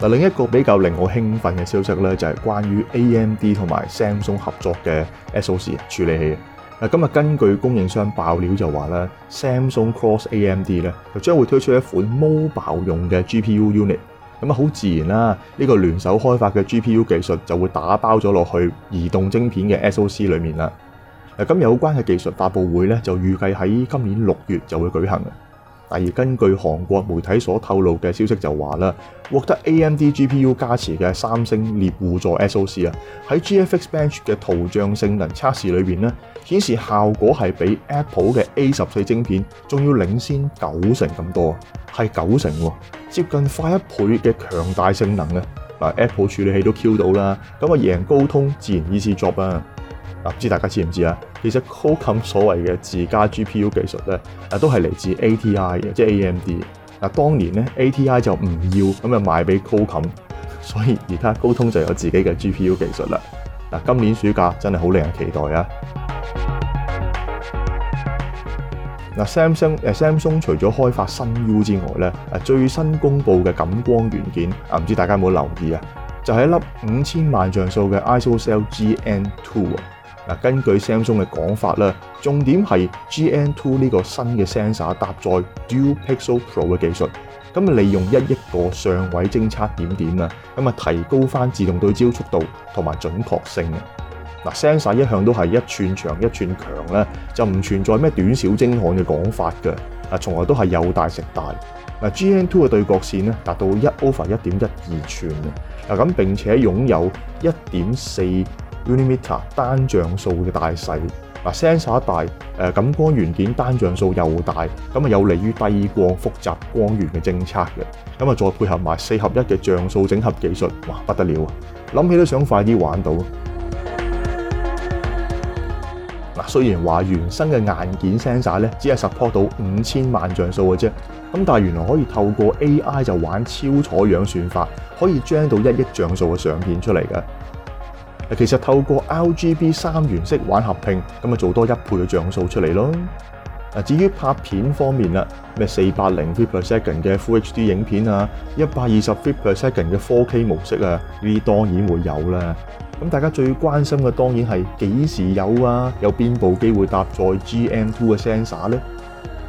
嗱，另一個比較令我興奮嘅消息咧，就係關於 AMD 同埋 Samsung 合作嘅 SOC 處理器。嗱，今日根據供應商爆料就話咧，Samsung Cross AMD 咧，就將會推出一款 mobile 用嘅 GPU unit。咁啊，好自然啦，呢、這個聯手開發嘅 GPU 技術就會打包咗落去移動晶片嘅 SOC 裏面啦。嗱，今日有關嘅技術發布會咧，就預計喺今年六月就會舉行。而，根據韓國媒體所透露嘅消息就話啦，獲得 AMD GPU 加持嘅三星獵戶座 SOC 啊，喺 GFX Bench 嘅圖像性能測試裏面咧，顯示效果係比 Apple 嘅 A 十四晶片仲要領先九成咁多，係九成喎，接近快一倍嘅強大性能。嗱，Apple 處理器都 Q 到啦，咁啊贏高通自然意思作啊！嗱，唔知大家知唔知啊？其實 Qualcomm 所謂嘅自家 GPU 技術咧，都係嚟自 ATI，即 AMD。嗱，當年咧 ATI 就唔要，咁啊賣俾 Qualcomm，所以而家高通就有自己嘅 GPU 技術啦。嗱，今年暑假真係好令人期待啊！嗱，Samsung Samsung 除咗開發新 U 之外咧，最新公布嘅感光元件啊，唔知大家有冇留意啊？就係一粒五千萬像素嘅 ISOCELL GN2 啊！嗱，根據 Samsung 嘅講法咧，重點係 GN2 呢個新嘅 sensor 搭載 Dual Pixel Pro 嘅技術，咁啊利用一億個相位偵測點點啊，咁啊提高翻自動對焦速度同埋準確性嘅。嗱，sensor 一向都係一寸長一寸強咧，就唔存在咩短小精悍嘅講法嘅，嗱，從來都係有大食大。嗱，GN2 嘅對角線咧達到一 over 一點一二寸嘅，嗱咁並且擁有一點四 millimeter 單像素嘅大細。嗱，sensor 大，誒感光元件單像素又大，咁啊有利於低光複雜光源嘅偵測嘅，咁啊再配合埋四合一嘅像素整合技術，哇不得了啊！諗起都想快啲玩到。雖然話原生嘅硬件 sensor 咧，只係 support 到五千萬像素嘅啫，咁但係原來可以透過 AI 就玩超採樣算法，可以將到一億像素嘅相片出嚟嘅。其實透過 RGB 三原色玩合拼，咁啊做多一倍嘅像素出嚟咯。嗱，至於拍片方面啦，咩四百零 fps 嘅 Full HD 影片啊，一百二十 fps 嘅 4K 模式啊，呢啲當然會有啦。咁大家最關心嘅當然係幾時有啊？有邊部機會搭載 GN2 嘅 sensor 咧？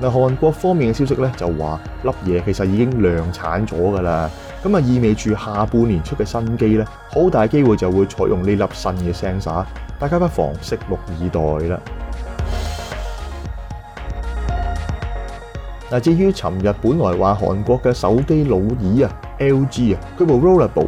嗱，韓國方面嘅消息咧就話粒嘢，其實已經量產咗噶啦，咁啊意味住下半年出嘅新機咧，好大機會就會採用呢粒新嘅 sensor，大家不妨拭目以待啦。嗱，至於尋日本來話韓國嘅手機老二啊，LG 啊，佢部 Rollable。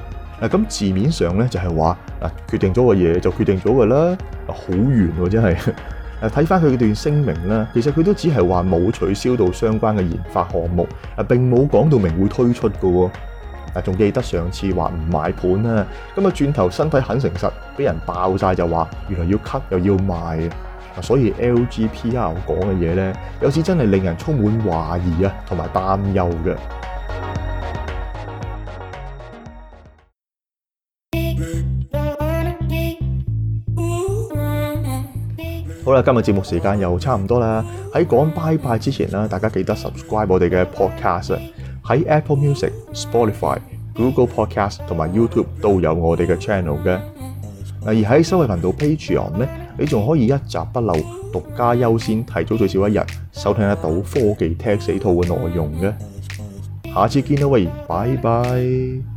嗱，咁字面上咧就係話，嗱決定咗嘅嘢就決定咗嘅啦，好遠喎真係。誒睇翻佢段聲明啦。其實佢都只係話冇取消到相關嘅研發項目，誒並冇講到明會推出嘅喎。仲記得上次話唔買盤啦，咁啊轉頭身體很誠實，俾人爆晒就話原來要 cut 又要賣啊，所以 LGPR 講嘅嘢咧，有時真係令人充滿懷疑啊，同埋擔憂嘅。好啦，今日節目時間又差唔多啦。喺講拜拜之前啦，大家記得 subscribe 我哋嘅 podcast 喺 Apple Music、Spotify、Google Podcast 同埋 YouTube 都有我哋嘅 channel 嘅。而喺收費頻道 Patreon 呢，你仲可以一集不漏、獨家優先、提早最少一日收聽得到科技 Tech CTO 套嘅內容嘅。下次見啦，喂，拜拜。